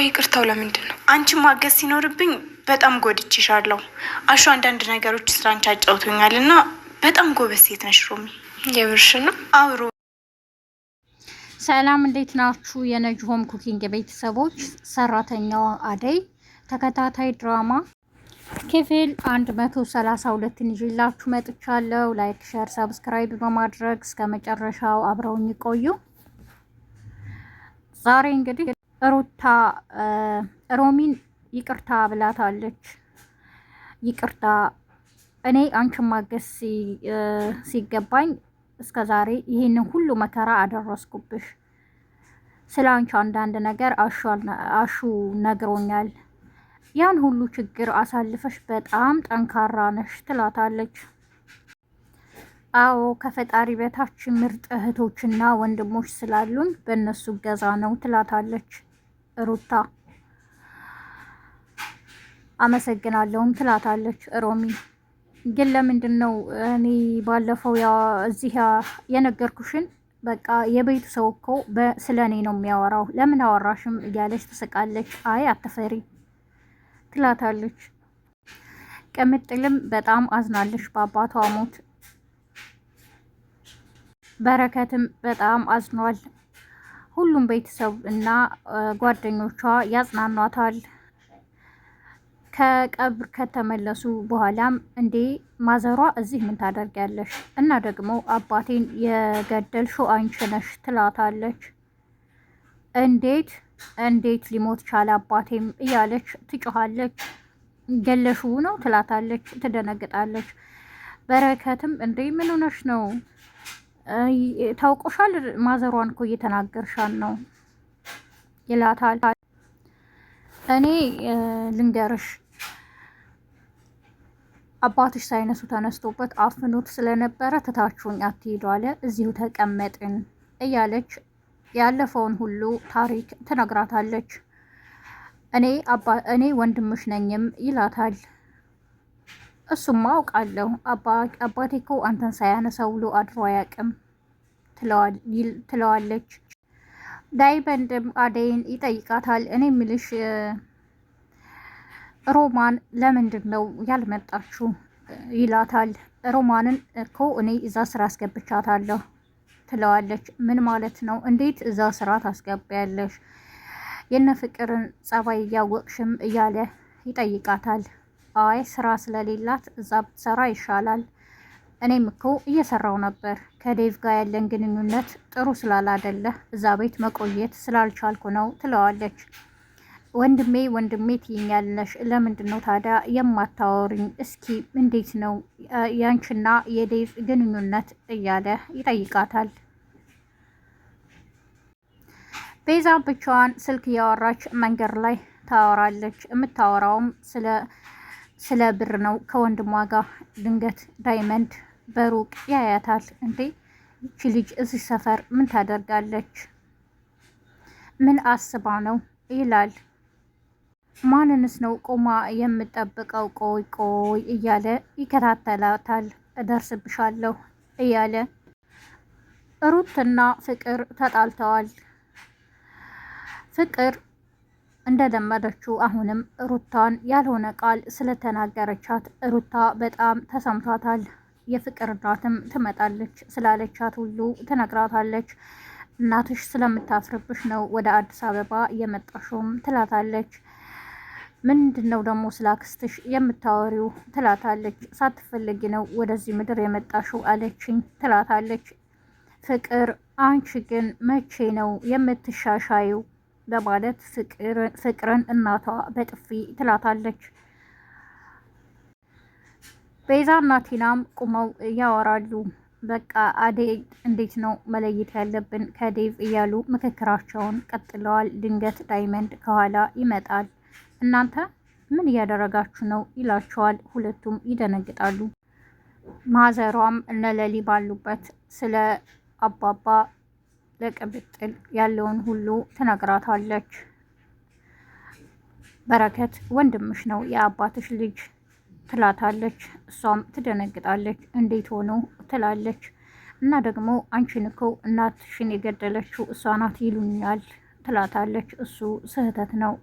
ቆይ ይቅርታው ለምንድን ነው? አንቺ ማገዝ ሲኖርብኝ በጣም ጎድቼሻለሁ። አሹ አንዳንድ ነገሮች ስላንቺ አጫውቶኛል እና በጣም ጎበዝ ሴት ነሽ ሮሚ። የብርሽ ነው አብሮ ሰላም፣ እንዴት ናችሁ? የነጅ ሆም ኩኪንግ ቤተሰቦች፣ ሰራተኛዋ አደይ ተከታታይ ድራማ ክፍል 132ን ይዤላችሁ መጥቻለሁ። ላይክ፣ ሸር፣ ሰብስክራይብ በማድረግ እስከ መጨረሻው አብረውኝ ቆዩ። ዛሬ እንግዲህ ሩታ ሮሚን ይቅርታ ብላታለች። ይቅርታ እኔ አንቺን ማገዝ ሲገባኝ እስከ ዛሬ ይህንን ሁሉ መከራ አደረስኩብሽ። ስለ አንቺ አንዳንድ ነገር አሹ ነግሮኛል። ያን ሁሉ ችግር አሳልፈሽ በጣም ጠንካራ ነሽ ትላታለች። አዎ ከፈጣሪ በታች ምርጥ እህቶችና ወንድሞች ስላሉን በእነሱ ገዛ ነው ትላታለች። ሩታ አመሰግናለሁም ትላታለች ሮሚ። ግን ለምንድን ነው እኔ ባለፈው እዚህ የነገርኩሽን በቃ የቤቱ ሰው እኮ ስለ እኔ ነው የሚያወራው፣ ለምን አወራሽም እያለች ትስቃለች። አይ አትፈሪ ትላታለች። ቅምጥልም በጣም አዝናለች በአባቷ ሞት። በረከትም በጣም አዝኗል። ሁሉም ቤተሰብ እና ጓደኞቿ ያጽናኗታል። ከቀብር ከተመለሱ በኋላም እንዴ ማዘሯ እዚህ ምን ታደርጊያለሽ? እና ደግሞ አባቴን የገደልሽው አንቺ ነሽ ትላታለች። እንዴት እንዴት ሊሞት ቻለ አባቴም እያለች ትጮኋለች። ገለሹ ነው ትላታለች። ትደነግጣለች። በረከትም እንዴ ምን ሆነሽ ነው ታውቆሻል፣ ማዘሯን እኮ እየተናገርሻን ነው ይላታል። እኔ ልንገርሽ አባትሽ ሳይነሱ ተነስቶበት አፍኖት ስለነበረ ትታችሁኝ አትሄዱ አለ። እዚሁ ተቀመጥን እያለች ያለፈውን ሁሉ ታሪክ ትነግራታለች። እኔ ወንድምሽ ነኝም ይላታል። እሱማ አውቃለሁ አባቴ እኮ አንተን ሳያነሳው ውሎ አድሮ አያውቅም ትለዋለች። ዳይመንድም አደይን ይጠይቃታል። እኔ ምልሽ ሮማን ለምንድን ነው ያልመጣችሁ? ይላታል። ሮማንን እኮ እኔ እዛ ስራ አስገብቻታለሁ ትለዋለች። ምን ማለት ነው? እንዴት እዛ ስራ ታስገቢያለሽ? የነ ፍቅርን ጸባይ እያወቅሽም እያለ ይጠይቃታል። አይ ስራ ስለሌላት እዛ ብትሰራ ይሻላል። እኔም እኮ እየሰራው ነበር። ከዴቭ ጋር ያለን ግንኙነት ጥሩ ስላላደለ እዛ ቤት መቆየት ስላልቻልኩ ነው ትለዋለች። ወንድሜ ወንድሜ ትይኛለሽ፣ ለምንድን ነው ታዲያ የማታወሪኝ? እስኪ እንዴት ነው ያንቺና የዴቭ ግንኙነት እያለ ይጠይቃታል። ቤዛ ብቻዋን ስልክ እያወራች መንገድ ላይ ታወራለች። የምታወራውም ስለ ስለ ብር ነው ከወንድሟ ጋር ድንገት ዳይመንድ በሩቅ ያያታል። እንዴ ይቺ ልጅ እዚህ ሰፈር ምን ታደርጋለች? ምን አስባ ነው ይላል። ማንንስ ነው ቆማ የምጠብቀው? ቆይ ቆይ እያለ ይከታተላታል። እደርስብሻለሁ እያለ ሩትና ፍቅር ተጣልተዋል። ፍቅር እንደለመደችው አሁንም ሩታን ያልሆነ ቃል ስለተናገረቻት ሩታ በጣም ተሰምቷታል። የፍቅር እናትም ትመጣለች ስላለቻት ሁሉ ትነግራታለች። እናትሽ ስለምታፍርብሽ ነው ወደ አዲስ አበባ የመጣሽውም ትላታለች። ምንድን ነው ደግሞ ስላክስትሽ የምታወሪው ትላታለች። ሳትፈልጊ ነው ወደዚህ ምድር የመጣሽው አለችኝ ትላታለች። ፍቅር አንቺ ግን መቼ ነው የምትሻሻዩ? በማለት ፍቅርን እናቷ በጥፊ ትላታለች። ቤዛ እና ቲናም ቁመው ያወራሉ። በቃ አዴ እንዴት ነው መለየት ያለብን ከዴቭ እያሉ ምክክራቸውን ቀጥለዋል። ድንገት ዳይመንድ ከኋላ ይመጣል። እናንተ ምን እያደረጋችሁ ነው ይላቸዋል። ሁለቱም ይደነግጣሉ። ማዘሯም እነ ባሉበት ስለ አባባ ለቅብጥል ያለውን ሁሉ ትነግራታለች። በረከት ወንድምሽ ነው የአባትሽ ልጅ ትላታለች። እሷም ትደነግጣለች። እንዴት ሆኖ ትላለች። እና ደግሞ አንቺን እኮ እናትሽን የገደለችው እሷ ናት ይሉኛል ትላታለች። እሱ ስህተት ነው።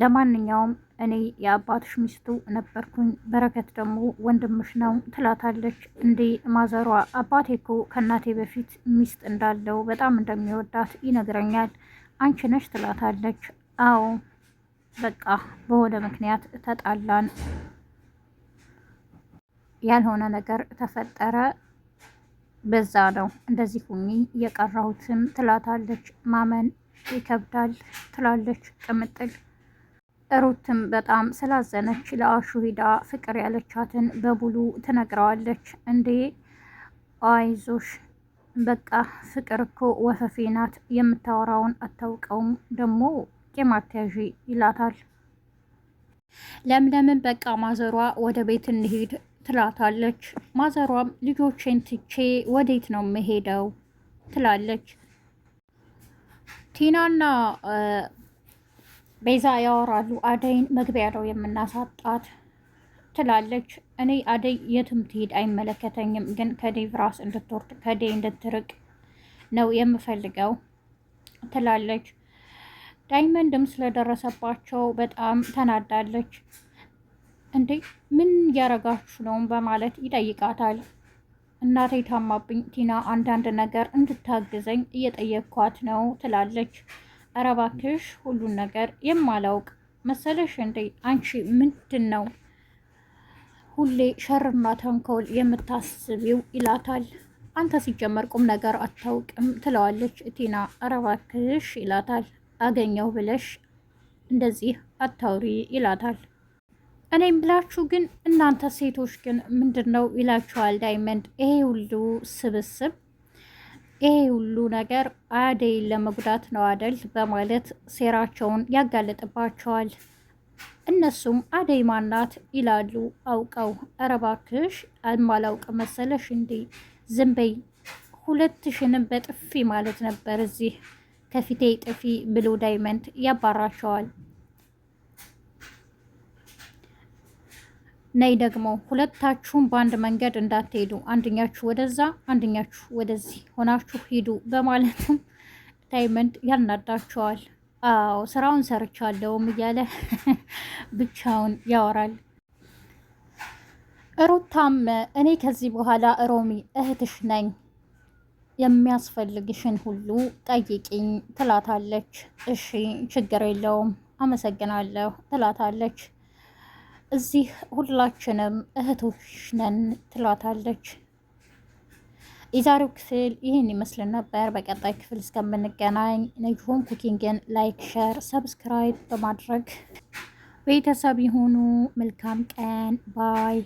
ለማንኛውም እኔ የአባትሽ ሚስቱ ነበርኩኝ፣ በረከት ደግሞ ወንድምሽ ነው ትላታለች። እንዴ ማዘሯ አባቴ እኮ ከእናቴ በፊት ሚስት እንዳለው በጣም እንደሚወዳት ይነግረኛል። አንቺ ነሽ ትላታለች። አዎ በቃ በሆነ ምክንያት ተጣላን፣ ያልሆነ ነገር ተፈጠረ፣ በዛ ነው እንደዚህ ሁኚ የቀራሁትም ትላታለች። ማመን ይከብዳል ትላለች ቅምጥል ሩትም በጣም ስላዘነች ለአሹ ሂዳ ፍቅር ያለቻትን በሙሉ ትነግረዋለች። እንዴ አይዞሽ በቃ ፍቅር እኮ ወፈፌ ናት፣ የምታወራውን አታውቀውም፣ ደግሞ ቂም ይላታል። ለምለምን በቃ ማዘሯ ወደ ቤት እንሄድ ትላታለች። ማዘሯም ልጆቼን ትቼ ወዴት ነው የምሄደው ትላለች። ቲናና ቤዛ ያወራሉ። አደይን መግቢያ ነው የምናሳጣት ትላለች። እኔ አደይ የትም ትሄድ አይመለከተኝም፣ ግን ከዴቭ ራስ እንድትወርድ ከዴ እንድትርቅ ነው የምፈልገው ትላለች። ዳይመንድም ስለደረሰባቸው በጣም ተናዳለች። እንዴ ምን እያረጋችሁ ነው በማለት ይጠይቃታል። እናቴ ታማብኝ ቲና፣ አንዳንድ ነገር እንድታግዘኝ እየጠየኳት ነው ትላለች። አረባክሽ እባክሽ ሁሉን ነገር የማላውቅ መሰለሽ እንዴ? አንቺ ምንድን ነው ሁሌ ሸርና ተንኮል የምታስቢው ይላታል። አንተ ሲጀመር ቁም ነገር አታውቅም ትለዋለች ቲና። አረባክሽ እባክሽ ይላታል። አገኘው ብለሽ እንደዚህ አታውሪ ይላታል። እኔም ብላችሁ ግን እናንተ ሴቶች ግን ምንድን ነው ይላችኋል ዳይመንድ። ይሄ ሁሉ ስብስብ ይሄ ሁሉ ነገር አደይን ለመጉዳት ነው አደል በማለት ሴራቸውን ያጋለጥባቸዋል። እነሱም አደይ ማናት ይላሉ አውቀው። እረባክሽ እባክሽ አማላውቅ መሰለሽ እንዴ ዝም በይ፣ ሁለትሽንም በጥፊ ማለት ነበር እዚህ ከፊቴ ጥፊ ብሎ ዳይመንድ ያባራቸዋል። ነይ ደግሞ ሁለታችሁም በአንድ መንገድ እንዳትሄዱ አንደኛችሁ ወደዛ አንደኛችሁ ወደዚህ ሆናችሁ ሂዱ በማለትም ዳይመንድ ያናዳቸዋል። አዎ ስራውን ሰርቻለውም እያለ ብቻውን ያወራል። ሩታም እኔ ከዚህ በኋላ ሮሚ እህትሽ ነኝ፣ የሚያስፈልግሽን ሁሉ ጠይቂኝ ትላታለች። እሺ ችግር የለውም አመሰግናለሁ ትላታለች። እዚህ ሁላችንም እህቶች ነን ትሏታለች። የዛሬው ክፍል ይህን ይመስል ነበር። በቀጣይ ክፍል እስከምንገናኝ ነጅሆም ኩኪንግን ላይክ፣ ሸር፣ ሰብስክራይብ በማድረግ ቤተሰብ የሆኑ መልካም ቀን ባይ